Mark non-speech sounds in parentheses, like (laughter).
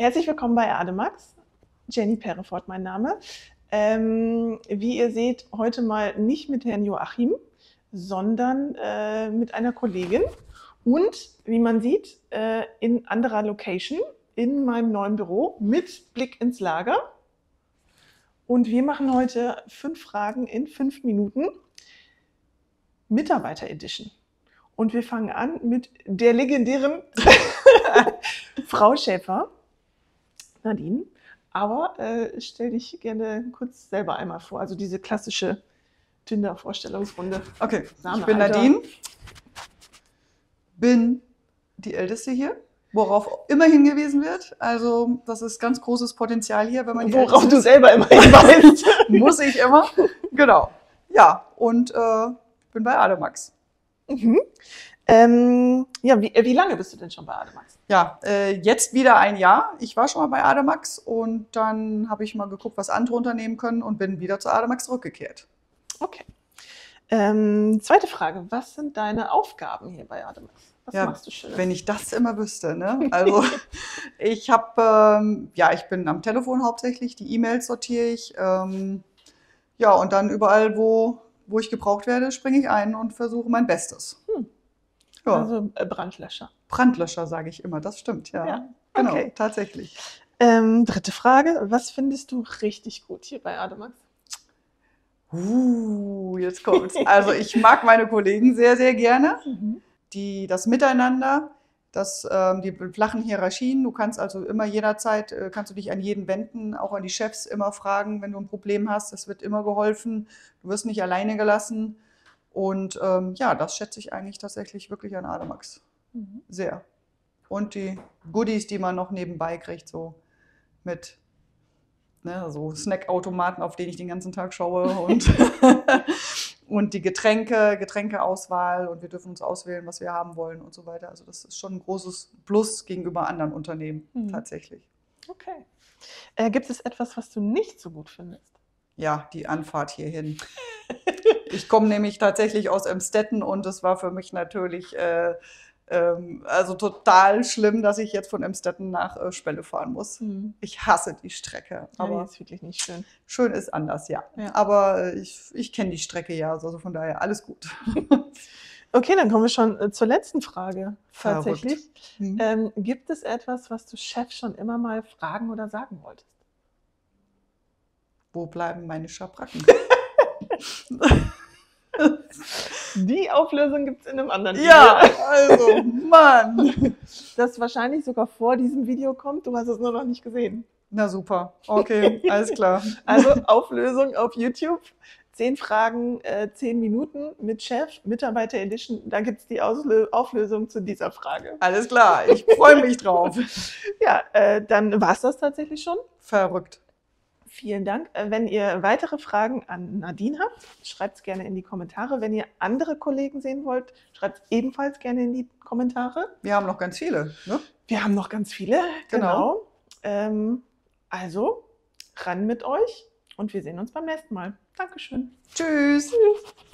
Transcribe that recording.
Herzlich willkommen bei Ademax. Jenny Perrefort, mein Name. Ähm, wie ihr seht, heute mal nicht mit Herrn Joachim, sondern äh, mit einer Kollegin und, wie man sieht, äh, in anderer Location, in meinem neuen Büro mit Blick ins Lager. Und wir machen heute fünf Fragen in fünf Minuten. Mitarbeiter Edition. Und wir fangen an mit der legendären (laughs) Frau Schäfer. Nadine. Aber äh, stell dich gerne kurz selber einmal vor. Also diese klassische Tinder-Vorstellungsrunde. Okay, Name, ich bin Alter. Nadine, bin die Älteste hier, worauf immer hingewiesen wird. Also das ist ganz großes Potenzial hier, wenn man die worauf Älteste du selber immer hinweist, (laughs) muss ich immer. Genau. Ja, und äh, bin bei Ademax. Mhm. Ähm, ja, wie, äh, wie, lange bist du denn schon bei Ademax? Ja, äh, jetzt wieder ein Jahr. Ich war schon mal bei Ademax und dann habe ich mal geguckt, was andere unternehmen können und bin wieder zu Ademax zurückgekehrt. Okay. Ähm, zweite Frage, was sind deine Aufgaben hier bei Ademax? Was ja, machst du schön? Wenn ich das immer wüsste, ne? Also (laughs) ich habe, ähm, ja, ich bin am Telefon hauptsächlich, die E-Mails sortiere ich. Ähm, ja, und dann überall, wo, wo ich gebraucht werde, springe ich ein und versuche mein Bestes. Ja. Also äh, Brandlöscher. Brandlöscher sage ich immer, das stimmt, ja. ja. Genau, okay. tatsächlich. Ähm, dritte Frage, was findest du richtig gut hier bei Ademax? Uh, jetzt kommt's. (laughs) Also ich mag meine Kollegen sehr, sehr gerne. Mhm. Die, das Miteinander, das, ähm, die flachen Hierarchien. Du kannst also immer jederzeit, äh, kannst du dich an jeden wenden, auch an die Chefs immer fragen, wenn du ein Problem hast. Es wird immer geholfen. Du wirst nicht alleine gelassen. Und ähm, ja, das schätze ich eigentlich tatsächlich wirklich an Ademax. Mhm. Sehr. Und die Goodies, die man noch nebenbei kriegt, so mit ne, so Snackautomaten, auf denen ich den ganzen Tag schaue und, (laughs) und die Getränke, Getränkeauswahl und wir dürfen uns auswählen, was wir haben wollen und so weiter. Also das ist schon ein großes Plus gegenüber anderen Unternehmen mhm. tatsächlich. Okay. Äh, gibt es etwas, was du nicht so gut findest? Ja, die Anfahrt hierhin. (laughs) Ich komme nämlich tatsächlich aus Emstetten und es war für mich natürlich äh, ähm, also total schlimm, dass ich jetzt von Emstetten nach äh, Spelle fahren muss. Mhm. Ich hasse die Strecke. Aber ja, die ist wirklich nicht schön. Schön ist anders, ja. ja. Aber äh, ich, ich kenne die Strecke ja, also von daher alles gut. (laughs) Okay, dann kommen wir schon äh, zur letzten Frage. Tatsächlich. Mhm. Ähm, gibt es etwas, was du Chef schon immer mal fragen oder sagen wolltest? Wo bleiben meine Schabracken? (laughs) Die Auflösung gibt es in einem anderen Video. Ja, also, (laughs) Mann. Das wahrscheinlich sogar vor diesem Video kommt, du hast es nur noch nicht gesehen. Na super, okay, alles klar. (laughs) Also Auflösung auf YouTube. Zehn Fragen, äh, zehn Minuten mit Chef, Mitarbeiter Edition. Da gibt es die Auslö Auflösung zu dieser Frage. Alles klar, ich freue mich drauf. (laughs) ja, äh, dann war es das tatsächlich schon. Verrückt. Vielen Dank. Äh, wenn ihr weitere Fragen an Nadine habt, schreibt es gerne in die Kommentare. Wenn ihr andere Kollegen sehen wollt, schreibt es ebenfalls gerne in die Kommentare. Wir haben noch ganz viele. Ne? Wir haben noch ganz viele, genau. genau. Ähm, also, ran mit euch und wir sehen uns beim nächsten Mal. Dankeschön. Tschüss. Tschüss.